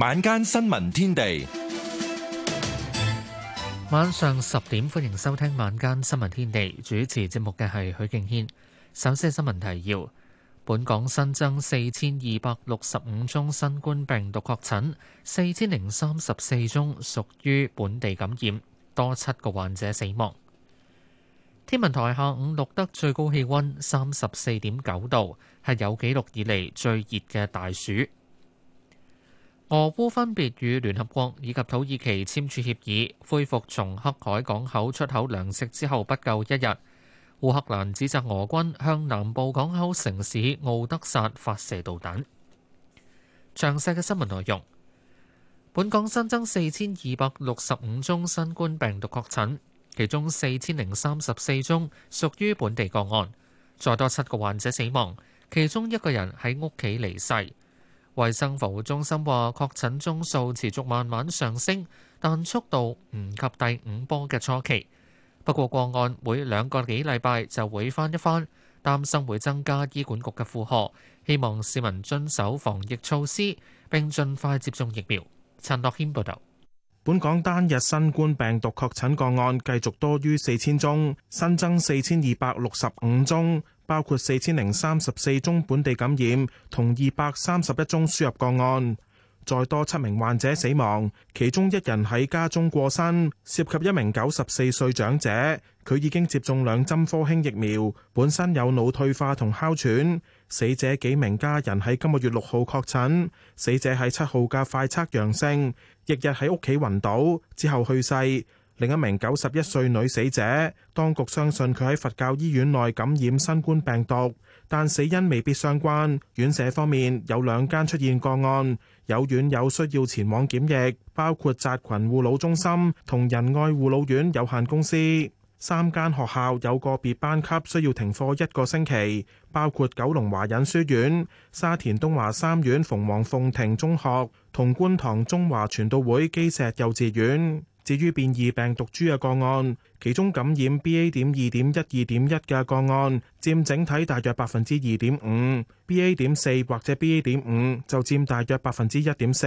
晚間新聞天地，晚上十點，歡迎收聽晚間新聞天地。主持節目嘅係許敬軒。首先係新聞提要：本港新增四千二百六十五宗新冠病毒確診，四千零三十四宗屬於本地感染，多七個患者死亡。天文台下午錄得最高氣溫三十四點九度，係有紀錄以嚟最熱嘅大暑。俄烏分別與聯合國以及土耳其簽署協議，恢復從黑海港口出口糧食之後不夠一日。烏克蘭指責俄軍向南部港口城市敖德薩發射導彈。詳細嘅新聞內容：本港新增四千二百六十五宗新冠病毒確診，其中四千零三十四宗屬於本地個案，再多七個患者死亡，其中一個人喺屋企離世。衛生防護中心話，確診宗數持續慢慢上升，但速度唔及第五波嘅初期。不過，個案每兩個幾禮拜就會翻一番，擔心會增加醫管局嘅負荷。希望市民遵守防疫措施，並盡快接種疫苗。陳諾謙報道。本港單日新冠病毒確診個案繼續多於四千宗，新增四千二百六十五宗。包括四千零三十四宗本地感染，同二百三十一宗輸入個案，再多七名患者死亡，其中一人喺家中過身，涉及一名九十四歲長者，佢已經接種兩針科興疫苗，本身有腦退化同哮喘。死者幾名家人喺今個月六號確診，死者喺七號嘅快測陽性，翌日喺屋企暈倒之後去世。另一名九十一歲女死者，當局相信佢喺佛教醫院內感染新冠病毒，但死因未必相關。院舍方面有兩間出現個案，有院友需要前往檢疫，包括集群護老中心同仁愛護老院有限公司。三間學校有個別班級需要停課一個星期，包括九龍華仁書院、沙田東華三院馮黃鳳亭中學同觀塘中華傳道會基石幼稚園。至於變異病毒株嘅個案，其中感染 BA 點二點一、二點一嘅個案佔整體大約百分之二點五，BA 點四或者 BA 點五就佔大約百分之一點四。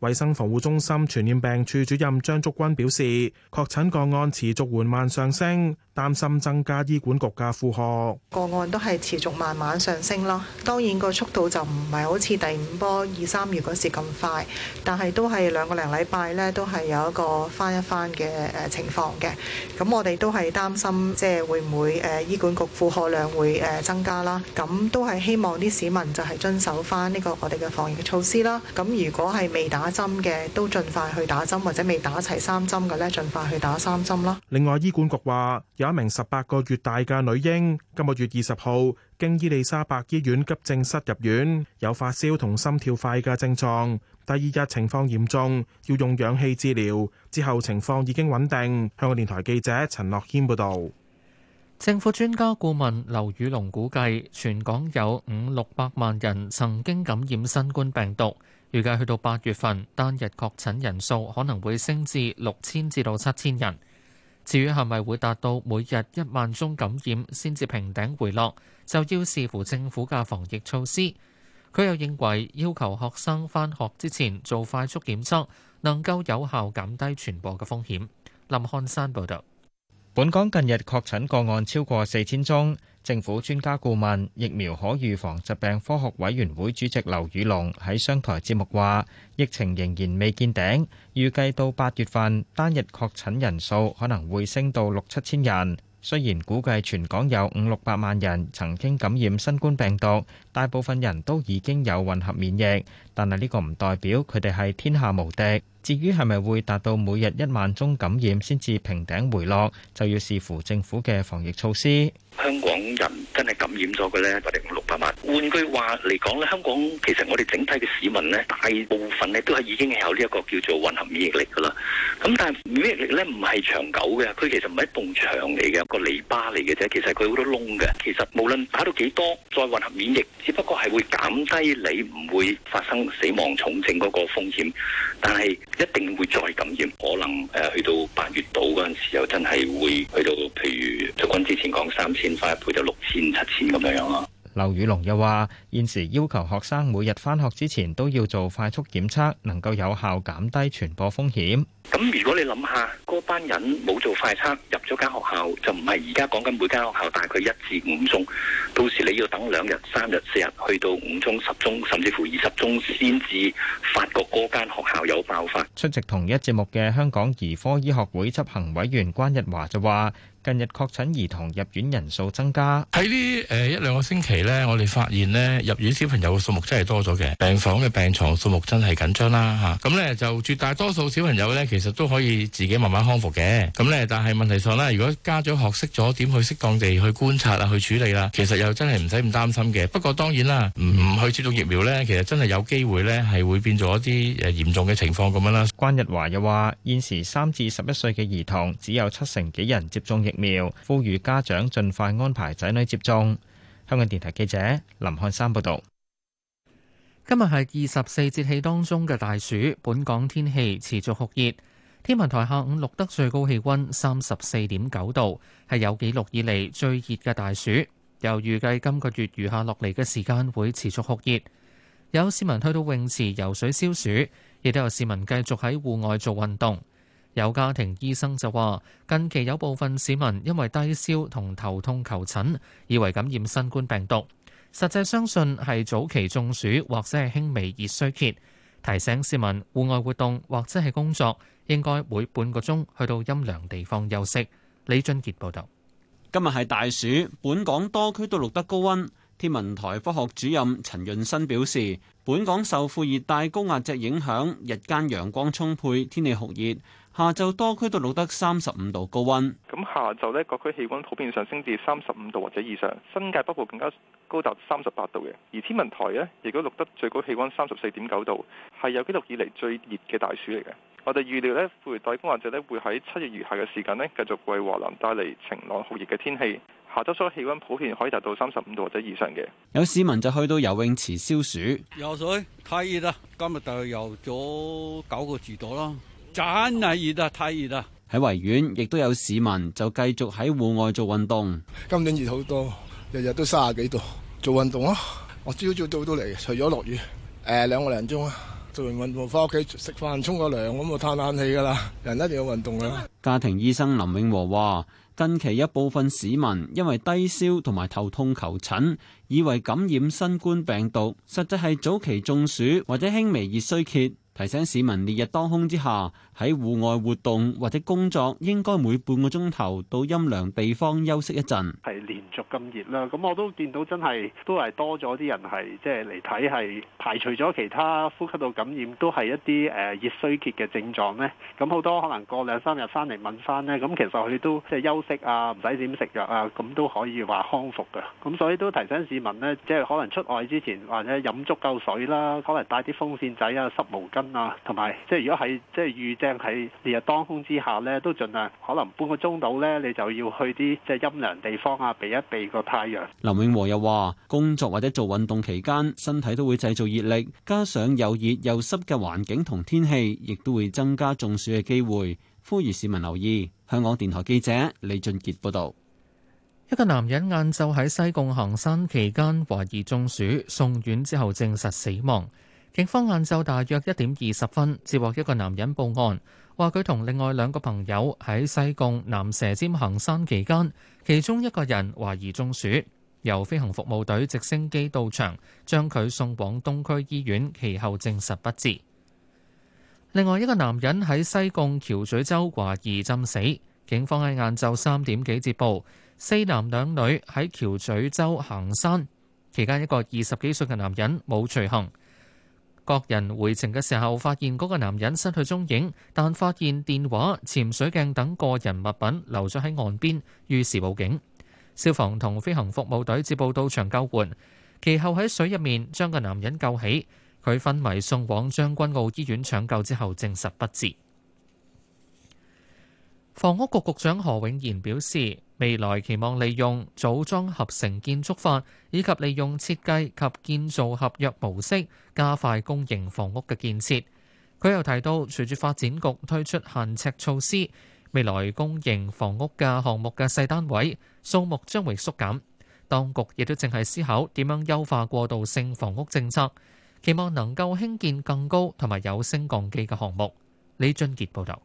衛生防護中心傳染病處主任張竹君表示，確診個案持續緩慢上升，擔心增加醫管局嘅負荷。個案都係持續慢慢上升啦，當然個速度就唔係好似第五波二三月嗰時咁快，但係都係兩個零禮拜呢，都係有一個翻一翻嘅誒情況嘅。咁我哋都係擔心，即係會唔會誒醫管局負荷量會誒增加啦？咁都係希望啲市民就係遵守翻呢個我哋嘅防疫措施啦。咁如果係未打，打針嘅都盡快去打針，或者未打齊三針嘅咧，盡快去打三針啦。另外，醫管局話有一名十八個月大嘅女嬰，今個月二十號經伊利沙伯醫院急症室入院，有發燒同心跳快嘅症狀。第二日情況嚴重，要用氧氣治療，之後情況已經穩定。香港電台記者陳樂軒報導。政府專家顧問劉宇龍估計，全港有五六百萬人曾經感染新冠病毒。預計去到八月份，單日確診人數可能會升至六千至到七千人。至於係咪會達到每日一萬宗感染先至平頂回落，就要視乎政府嘅防疫措施。佢又認為要求學生返學之前做快速檢測，能夠有效減低傳播嘅風險。林漢山報道。本港近日確診個案超過四千宗，政府專家顧問、疫苗可預防疾病科學委員會主席劉宇龍喺商台節目話：疫情仍然未見頂，預計到八月份，單日確診人數可能會升到六七千人。雖然估計全港有五六百萬人曾經感染新冠病毒，大部分人都已經有混合免疫，但係呢個唔代表佢哋係天下無敵。至於係咪會達到每日一萬宗感染先至平頂回落，就要視乎政府嘅防疫措施。香港人真係感染咗佢咧，我哋五六百萬。換句話嚟講咧，香港其實我哋整體嘅市民咧，大部分咧都係已經有呢一個叫做混合免疫力㗎啦。咁但係免疫力咧唔係長久嘅，佢其實唔係一棟牆嚟嘅，一個籬笆嚟嘅啫。其實佢好多窿嘅。其實無論打到幾多再混合免疫，只不過係會減低你唔會發生死亡重症嗰個風險，但係。一定會再感染，可能、呃、去到八月底嗰陣時候，又真係會去到，譬如出關之前講三千翻一倍就六千七千咁樣。劉宇龍又話：現時要求學生每日翻學之前都要做快速檢測，能夠有效減低傳播風險。咁如果你諗下，嗰班人冇做快測入咗間學校，就唔係而家講緊每間學校大概一至五宗。到時你要等兩日、三日、四日，去到五宗、十宗，甚至乎二十宗，先至發覺嗰間學校有爆發。出席同一節目嘅香港兒科醫學會執行委員關日華就話。近日確診兒童入院人數增加，喺呢誒一兩個星期咧，我哋發現咧入院小朋友嘅數目真係多咗嘅，病房嘅病牀數目真係緊張啦嚇。咁咧就絕大多數小朋友咧，其實都可以自己慢慢康復嘅。咁咧，但係問題上咧，如果家長學識咗點去適當地去觀察啦，去處理啦，其實又真係唔使咁擔心嘅。不過當然啦，唔去接種疫苗咧，其實真係有機會咧係會變咗一啲誒嚴重嘅情況咁樣啦。關日華又話：現時三至十一歲嘅兒童只有七成幾人接種疫苗。苗呼籲家長盡快安排仔女接種。香港電台記者林漢山報道：「今日係二十四節氣當中嘅大暑，本港天氣持續酷熱。天文台下午錄得最高氣温三十四點九度，係有紀錄以嚟最熱嘅大暑。又預計今個月餘下落嚟嘅時間會持續酷熱。有市民去到泳池游水消暑，亦都有市民繼續喺戶外做運動。有家庭醫生就話，近期有部分市民因為低燒同頭痛求診，以為感染新冠病毒，實際相信係早期中暑或者係輕微熱衰竭。提醒市民，戶外活動或者係工作應該每半個鐘去到陰涼地方休息。李俊傑報導，今日係大暑，本港多區都錄得高温。天文台科學主任陳潤新表示，本港受副熱帶高壓脊影響，日間陽光充沛，天氣酷熱，下晝多區都錄得三十五度高溫。咁下晝呢，各區氣溫普遍上升至三十五度或者以上，新界北部更加高達三十八度嘅。而天文台呢，亦都錄得最高氣溫三十四點九度，係有記錄以嚟最熱嘅大暑嚟嘅。我哋預料呢，副熱帶高壓脊呢會喺七月餘下嘅時間呢，繼續為華南帶嚟晴朗酷熱嘅天氣。下周初氣溫普遍可以達到三十五度或者以上嘅，有市民就去到游泳池消暑。游水太熱啦，今日就游咗九個字度咯，真係熱啊，太熱啦！喺維園亦都有市民就繼續喺戶外做運動。今年熱好多，日日都三十幾度，做運動咯。我朝朝早都嚟，除咗落雨，誒、呃、兩個零鐘啊，做完運動返屋企食飯、沖個涼咁啊，嘆冷氣㗎啦。人一定要運動啊！家庭醫生林永和話。近期一部分市民因為低燒同埋頭痛求診，以為感染新冠病毒，實際係早期中暑或者輕微熱衰竭。提醒市民烈日當空之下喺戶外活動或者工作，應該每半個鐘頭到陰涼地方休息一陣。係連續咁熱啦，咁我都見到真係都係多咗啲人係即係嚟睇，係排除咗其他呼吸道感染，都係一啲誒熱衰竭嘅症狀咧。咁好多可能過兩三日翻嚟問翻咧，咁其實佢哋都即係休息啊，唔使點食藥啊，咁都可以話康復㗎。咁所以都提醒市民咧，即係可能出外之前或者飲足夠水啦，可能帶啲風扇仔啊、濕毛巾。啊，同埋即係如果喺即係預訂喺烈日當空之下呢，都盡量可能半個鐘到呢，你就要去啲即係陰涼地方啊，避一避個太陽。林永和又話：工作或者做運動期間，身體都會製造熱力，加上又熱又濕嘅環境同天氣，亦都會增加中暑嘅機會。呼籲市民留意。香港電台記者李俊傑報道：一個男人晏晝喺西貢行山期間，懷疑中暑，送院之後證實死亡。警方晏晝大約一點二十分接獲一個男人報案，話佢同另外兩個朋友喺西貢南蛇尖行山期間，其中一個人懷疑中暑，由飛行服務隊直升機到場將佢送往東區醫院，其後證實不治。另外一個男人喺西貢橋咀洲懷疑浸死，警方喺晏晝三點幾接報，四男兩女喺橋咀洲行山期間，一個二十幾歲嘅男人冇隨行。各人回程嘅時候，發現嗰個男人失去蹤影，但發現電話、潛水鏡等個人物品留咗喺岸邊，於是報警。消防同飛行服務隊接報到場救援，其後喺水入面將個男人救起，佢昏迷送往將軍澳醫院搶救之後，證實不治。房屋局局長何永賢表示，未來期望利用組裝合成建築法，以及利用設計及建造合約模式，加快公營房屋嘅建設。佢又提到，隨住發展局推出限尺措施，未來公營房屋嘅項目嘅細單位數目將會縮減。當局亦都正係思考點樣優化過渡性房屋政策，期望能夠興建更高同埋有升降機嘅項目。李俊傑報導。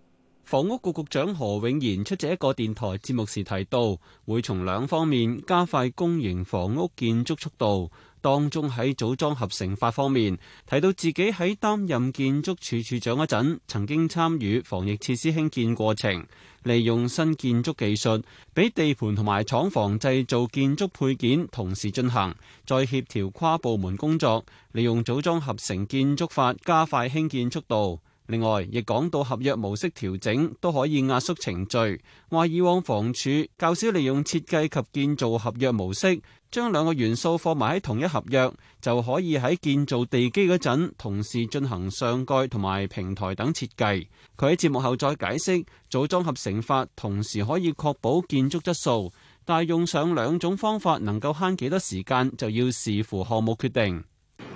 房屋局局長何永賢出席一個電台節目時提到，會從兩方面加快公營房屋建築速度。當中喺組裝合成法方面，提到自己喺擔任建築署署長嗰陣，曾經參與防疫設施興建過程，利用新建築技術，俾地盤同埋廠房製造建築配件同時進行，再協調跨部門工作，利用組裝合成建築法加快興建速度。另外，亦講到合約模式調整都可以壓縮程序，話以往房署較少利用設計及建造合約模式，將兩個元素放埋喺同一合約，就可以喺建造地基嗰陣同時進行上蓋同埋平台等設計。佢喺節目後再解釋組裝合成法同時可以確保建築質素，但係用上兩種方法能夠慳幾多時間就要視乎項目決定。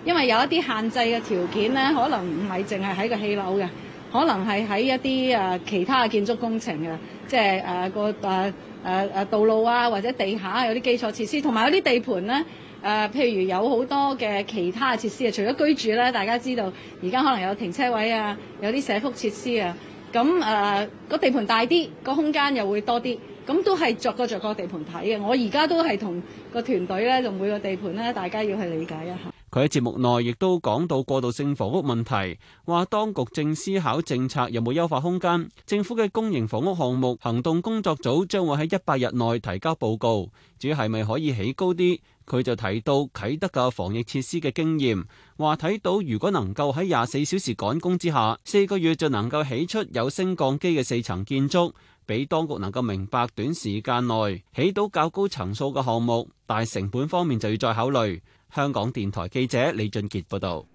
因為有一啲限制嘅條件咧，可能唔係淨係喺個起樓嘅，可能係喺一啲誒、呃、其他嘅建築工程嘅，即係誒個誒誒誒道路啊，或者地下有啲基礎設施，同埋有啲地盤咧誒，譬如有好多嘅其他嘅設施啊，除咗居住咧，大家知道而家可能有停車位啊，有啲社福設施啊，咁誒個地盤大啲，個空間又會多啲，咁都係逐，逐，逐個逐個地盤睇嘅。我而家都係同個團隊咧，同每個地盤咧，大家要去理解一下。佢喺節目內亦都講到過渡性房屋問題，話當局正思考政策有冇優化空間。政府嘅公營房屋項目行動工作組將會喺一百日內提交報告，至於係咪可以起高啲，佢就提到啟德嘅防疫設施嘅經驗，話睇到如果能夠喺廿四小時趕工之下，四個月就能夠起出有升降機嘅四層建築。俾當局能夠明白，短時間內起到較高層數嘅項目，但成本方面就要再考慮。香港電台記者李俊傑報導。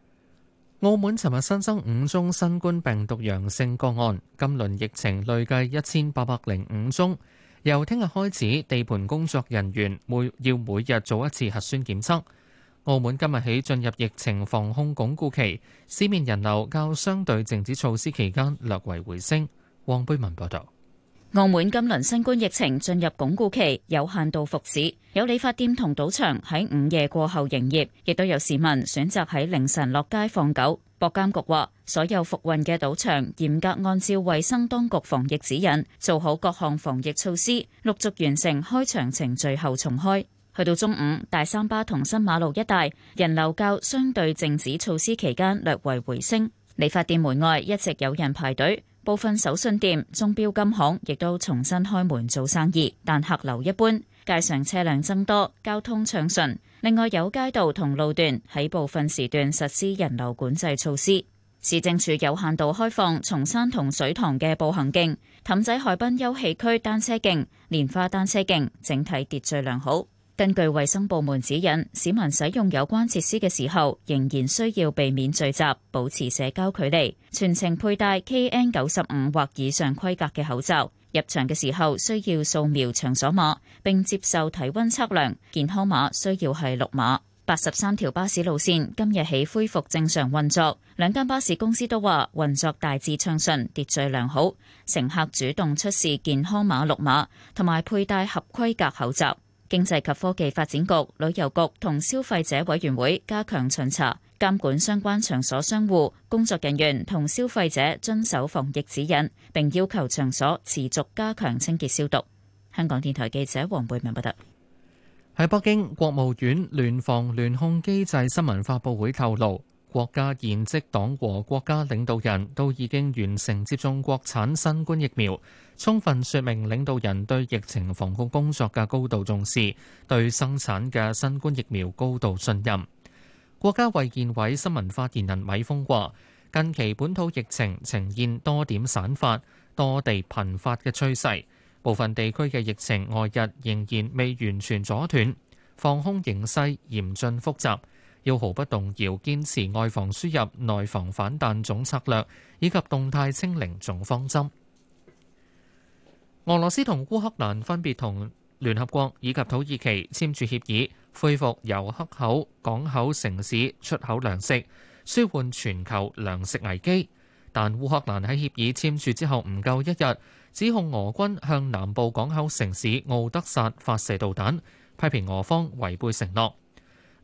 澳門尋日新增五宗新冠病毒陽性個案，今輪疫情累計一千八百零五宗。由聽日開始，地盤工作人員每要每日做一次核酸檢測。澳門今日起進入疫情防控鞏固期，市面人流較相對靜止措施期間略為回升。汪貝文報導。澳門今輪新冠疫情進入鞏固期，有限度復市，有理髮店同賭場喺午夜過後營業，亦都有市民選擇喺凌晨落街放狗。博監局話，所有復運嘅賭場嚴格按照衛生當局防疫指引，做好各項防疫措施，陸續完成開場程序後重開。去到中午，大三巴同新馬路一帶人流較相對靜止措施期間略為回升，理髮店門外一直有人排隊。部分手信店、鐘錶金行亦都重新開門做生意，但客流一般。街上車輛增多，交通暢順。另外有街道同路段喺部分時段實施人流管制措施。市政署有限度開放松山同水塘嘅步行徑、氹仔海濱休憩區單車徑、蓮花單車徑，整體秩序良好。根據衛生部門指引，市民使用有關設施嘅時候，仍然需要避免聚集，保持社交距離，全程佩戴 KN 九十五或以上規格嘅口罩。入場嘅時候需要掃描場所碼，並接受體溫測量。健康碼需要係綠碼。八十三條巴士路線今日起恢復正常運作，兩間巴士公司都話運作大致暢順，秩序良好，乘客主動出示健康碼綠碼，同埋佩戴合規格口罩。經濟及科技發展局、旅遊局同消費者委員會加強巡查，監管相關場所商戶、工作人員同消費者遵守防疫指引，並要求場所持續加強清潔消毒。香港電台記者黃貝文報道。喺北京，國務院聯防聯控機制新聞發布會透露。國家現職黨和國家領導人都已經完成接種國產新冠疫苗，充分說明領導人對疫情防控工作嘅高度重視，對生產嘅新冠疫苗高度信任。國家衛健委新聞發言人米峰話：近期本土疫情呈現多點散發、多地頻發嘅趨勢，部分地區嘅疫情外日仍然未完全阻斷，防控形勢嚴峻複雜。要毫不動搖堅持外防輸入、內防反彈總策略以及動態清零總方針。俄羅斯同烏克蘭分別同聯合國以及土耳其簽署協議，恢復由黑口港口城市出口糧食，舒緩全球糧食危機。但烏克蘭喺協議簽署之後唔夠一日，指控俄軍向南部港口城市敖德薩發射導彈，批評俄方違背承諾。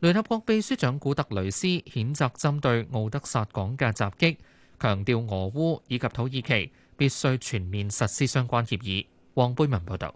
聯合國秘書長古特雷斯譴責針，針對敖德薩港嘅襲擊，強調俄烏以及土耳其必須全面實施相關協議。黃貝文報導。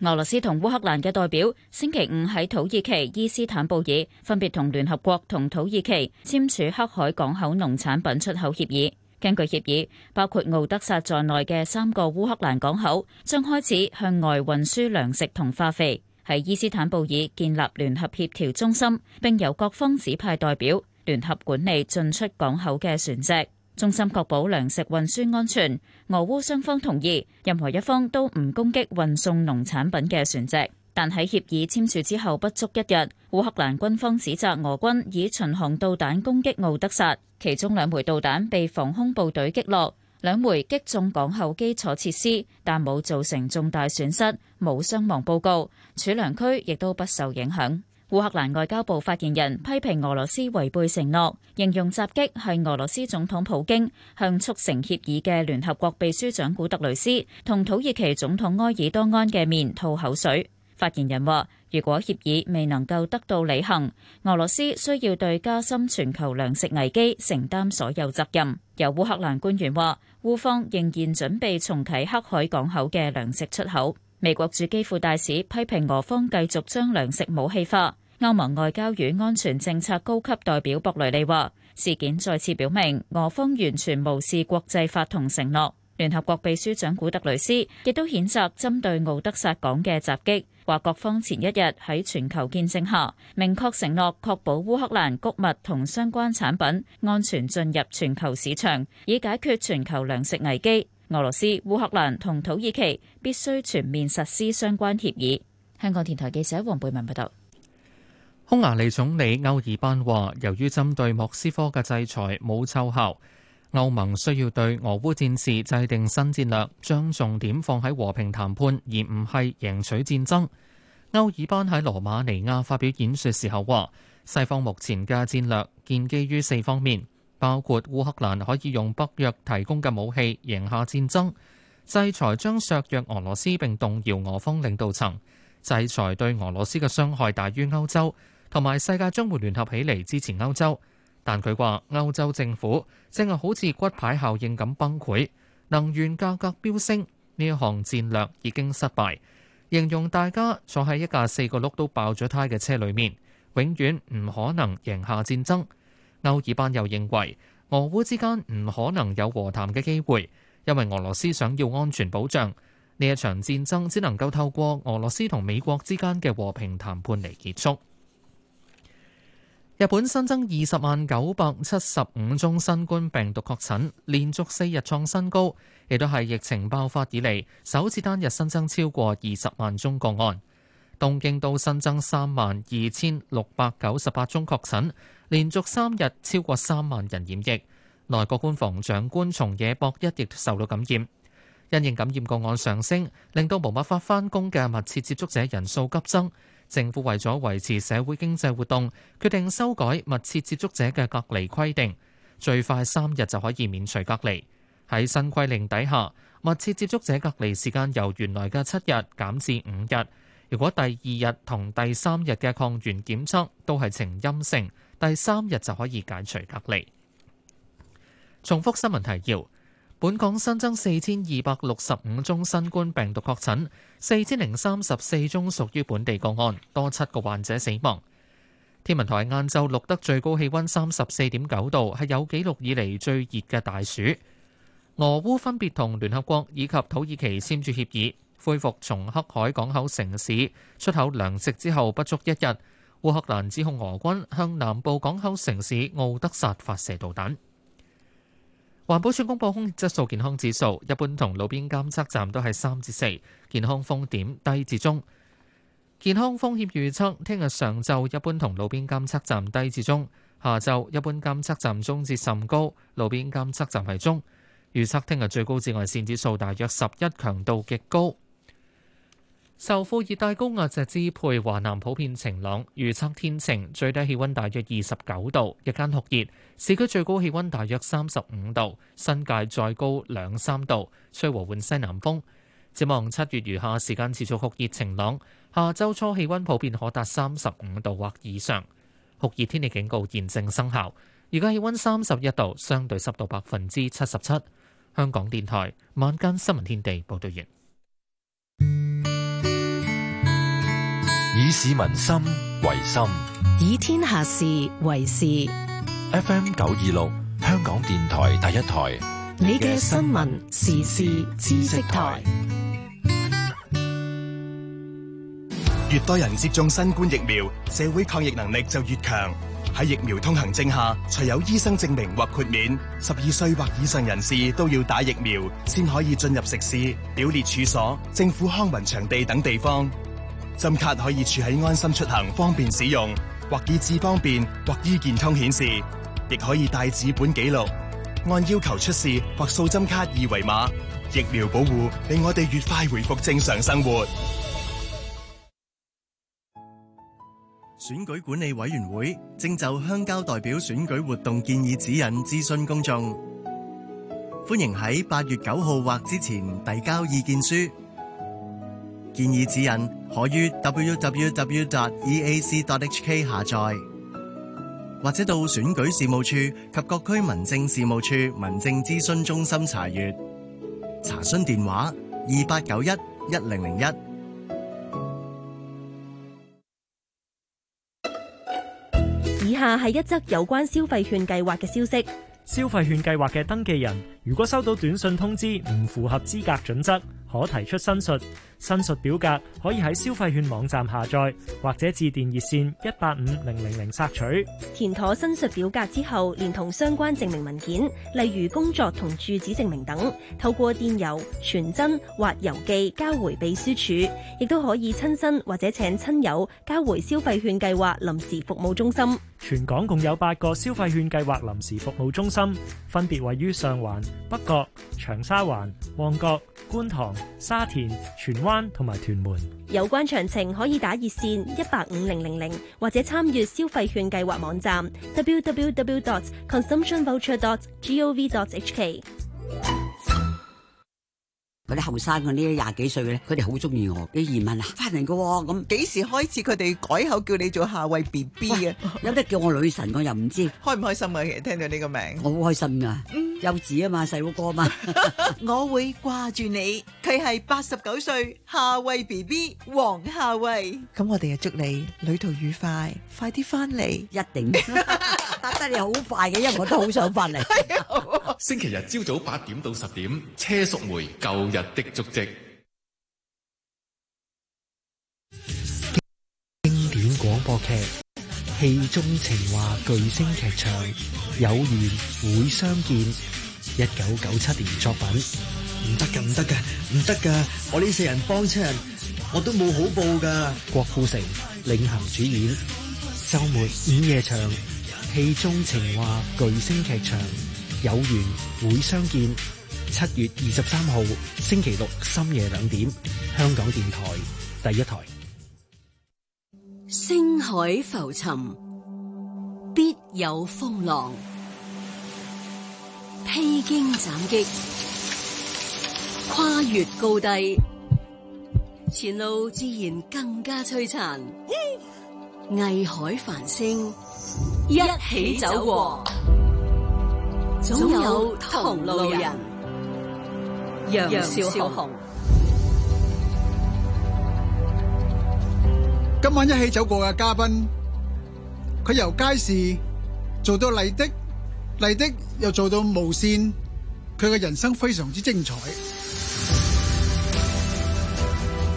俄羅斯同烏克蘭嘅代表星期五喺土耳其伊斯坦布爾分別同聯合國同土耳其簽署黑海港口農產品出口協議。根據協議，包括敖德薩在內嘅三個烏克蘭港口將開始向外運輸糧食同化肥。喺伊斯坦布爾建立聯合協調中心，並由各方指派代表聯合管理進出港口嘅船隻，中心確保糧食運輸安全。俄烏雙方同意任何一方都唔攻擊運送農產品嘅船隻。但喺協議簽署之後不足一日，烏克蘭軍方指責俄軍以巡航導彈攻擊奧德薩，其中兩枚導彈被防空部隊擊落。兩枚擊中港口基礎設施，但冇造成重大損失，冇傷亡報告。儲糧區亦都不受影響。烏克蘭外交部發言人批評俄羅斯違背承諾，形容襲擊係俄羅斯總統普京向促成協議嘅聯合國秘書長古特雷斯同土耳其總統埃爾多安嘅面吐口水。發言人話，如果協議未能夠得到履行，俄羅斯需要對加深全球糧食危機承擔所有責任。有烏克蘭官員話，烏方仍然準備重啟黑海港口嘅糧食出口。美國駐基輔大使批評俄方繼續將糧食武器化。歐盟外交與安全政策高級代表博雷利話，事件再次表明俄方完全無視國際法同承諾。聯合國秘書長古特雷斯亦都譴責針對奧德薩港嘅襲擊。話各方前一日喺全球見證下，明確承諾確保烏克蘭谷物同相關產品安全進入全球市場，以解決全球糧食危機。俄羅斯、烏克蘭同土耳其必須全面實施相關協議。香港電台記者黃貝文報道。匈牙利總理歐爾班話，由於針對莫斯科嘅制裁冇奏效。歐盟需要對俄烏戰事制定新戰略，將重點放喺和平談判，而唔係贏取戰爭。歐爾班喺羅馬尼亞發表演說時候話，西方目前嘅戰略建基於四方面，包括烏克蘭可以用北約提供嘅武器贏下戰爭，制裁將削弱俄羅斯並動搖俄方領導層，制裁對俄羅斯嘅傷害大於歐洲，同埋世界將會聯合起嚟支持歐洲。但佢話歐洲政府正係好似骨牌效應咁崩潰，能源價格飆升，呢一項戰略已經失敗，形容大家坐喺一架四個轆都爆咗胎嘅車裏面，永遠唔可能贏下戰爭。歐爾班又認為俄烏之間唔可能有和談嘅機會，因為俄羅斯想要安全保障，呢一場戰爭只能夠透過俄羅斯同美國之間嘅和平談判嚟結束。日本新增二十萬九百七十五宗新冠病毒確診，連續四日創新高，亦都係疫情爆發以嚟首次單日新增超過二十萬宗個案。東京都新增三萬二千六百九十八宗確診，連續三日超過三萬人染疫。內閣官房長官松野博一亦受到感染，因應感染個案上升，令到無法返工嘅密切接觸者人數急增。政府為咗維持社會經濟活動，決定修改密切接觸者嘅隔離規定，最快三日就可以免除隔離。喺新規令底下，密切接觸者隔離時間由原來嘅七日減至五日。如果第二日同第三日嘅抗原檢測都係呈陰性，第三日就可以解除隔離。重複新聞提要。本港新增四千二百六十五宗新冠病毒確診，四千零三十四宗屬於本地個案，多七個患者死亡。天文台晏晝錄得最高氣溫三十四點九度，係有記錄以嚟最熱嘅大暑。俄烏分別同聯合國以及土耳其簽署協議，恢復從黑海港口城市出口糧食之後不足一日，烏克蘭指控俄軍向南部港口城市敖德薩發射導彈。環保署公布空氣質素健康指數，一般同路邊監測站都係三至四，健康風險低至中。健康風險預測，聽日上晝一般同路邊監測站低至中，下晝一般監測站中至甚高，路邊監測站係中。預測聽日最高紫外線指數大約十一，強度極高。受副熱帶高壓脊支配，華南普遍晴朗，預測天晴，最低氣温大約二十九度，日間酷熱，市區最高氣温大約三十五度，新界再高兩三度，吹和緩西南風。展望七月餘下時間持續酷熱晴朗，下周初氣温普遍可達三十五度或以上，酷熱天氣警告現正生效。而家氣温三十一度，相對濕度百分之七十七。香港電台晚間新聞天地報道完。以市民心為心，以天下事為事。FM 九二六，香港電台第一台，你嘅新聞時事知識台。越多人接種新冠疫苗，社會抗疫能力就越強。喺疫苗通行證下，除有醫生證明或豁免，十二歲或以上人士都要打疫苗，先可以進入食肆、表列處所、政府康文場地等地方。針卡可以儲喺安心出行方便使用，或以智方便，或醫健通顯示，亦可以帶紙本記錄，按要求出示或掃針卡二維碼。疫苗保護令我哋越快回復正常生活。選舉管理委員會正就鄉郊代表選舉活動建議指引諮詢公眾，歡迎喺八月九號或之前遞交意見書。建議指引可於 www.eac.hk 下載，或者到選舉事務處及各區民政事務處民政諮詢中心查閱。查詢電話：二八九一一零零一。以下係一則有關消費券計劃嘅消息。消費券計劃嘅登記人，如果收到短信通知唔符合資格準則，可提出申述。申述表格可以喺消費券網站下載，或者致電熱線一八五零零零索取。填妥申述表格之後，連同相關證明文件，例如工作同住址證明等，透過電郵、傳真或郵寄交回秘書處，亦都可以親身或者請親友交回消費券計劃臨時服務中心。全港共有八個消費券計劃臨時服務中心。分別位於上環、北角、長沙灣、旺角、觀塘、沙田、荃灣同埋屯門。有關詳情可以打熱線一八五零零零，或者參與消費券計劃網站 www.consumptionvoucher.gov.hk dot。嗰啲後生嗰啲廿幾歲嘅咧，佢哋好中意我啲移民啊，翻嚟嘅喎，咁幾時開始佢哋改口叫你做夏蕙 B B 啊？有冇得叫我女神？我又唔知開唔開心啊！其實聽到呢個名，我好開心㗎，幼稚啊嘛，細個啊嘛。我會掛住你，佢係八十九歲夏蕙 B B 黃夏蕙。咁我哋又祝你旅途愉快，快啲翻嚟，一定。打得你好快嘅，因為我都好想翻嚟。星期日朝早八點到十點，車淑梅《舊日的足跡》經典廣播劇《戲中情話》巨星劇場《有緣會相見》一九九七年作品，唔得㗎唔得㗎唔得㗎！我呢四人幫出人，我都冇好報㗎。郭富城領銜主演，周末午夜場《戲中情話》巨星劇場。有緣會相見。七月二十三號星期六深夜兩點，香港電台第一台。星海浮沉，必有風浪；披荊斬棘，跨越高低，前路自然更加璀璨。藝海繁星，一起走過。總有同路人，楊少雄。今晚一起走過嘅嘉賓，佢由街市做到麗的，麗的又做到無線，佢嘅人生非常之精彩。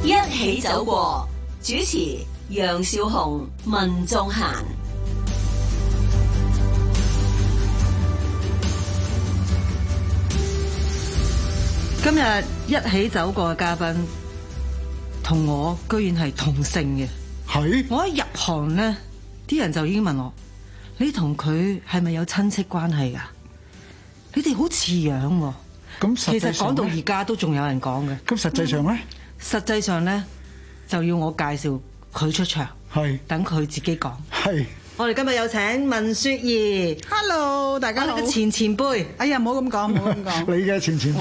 一起走過，主持楊少雄，文仲嫻。今日一起走過嘅嘉賓，同我居然係同姓嘅。係是。我一入行咧，啲人就已經問我：你同佢係咪有親戚關係㗎？你哋好似樣喎、哦。咁，其實講到而家都仲有人講嘅。咁實際上咧、嗯？實際上咧就要我介紹佢出場，係等佢自己講。係是。我哋今日有請文雪兒。Hello，大家好。前前輩，哎呀，唔好咁講，唔好咁講。 你嘅前前輩。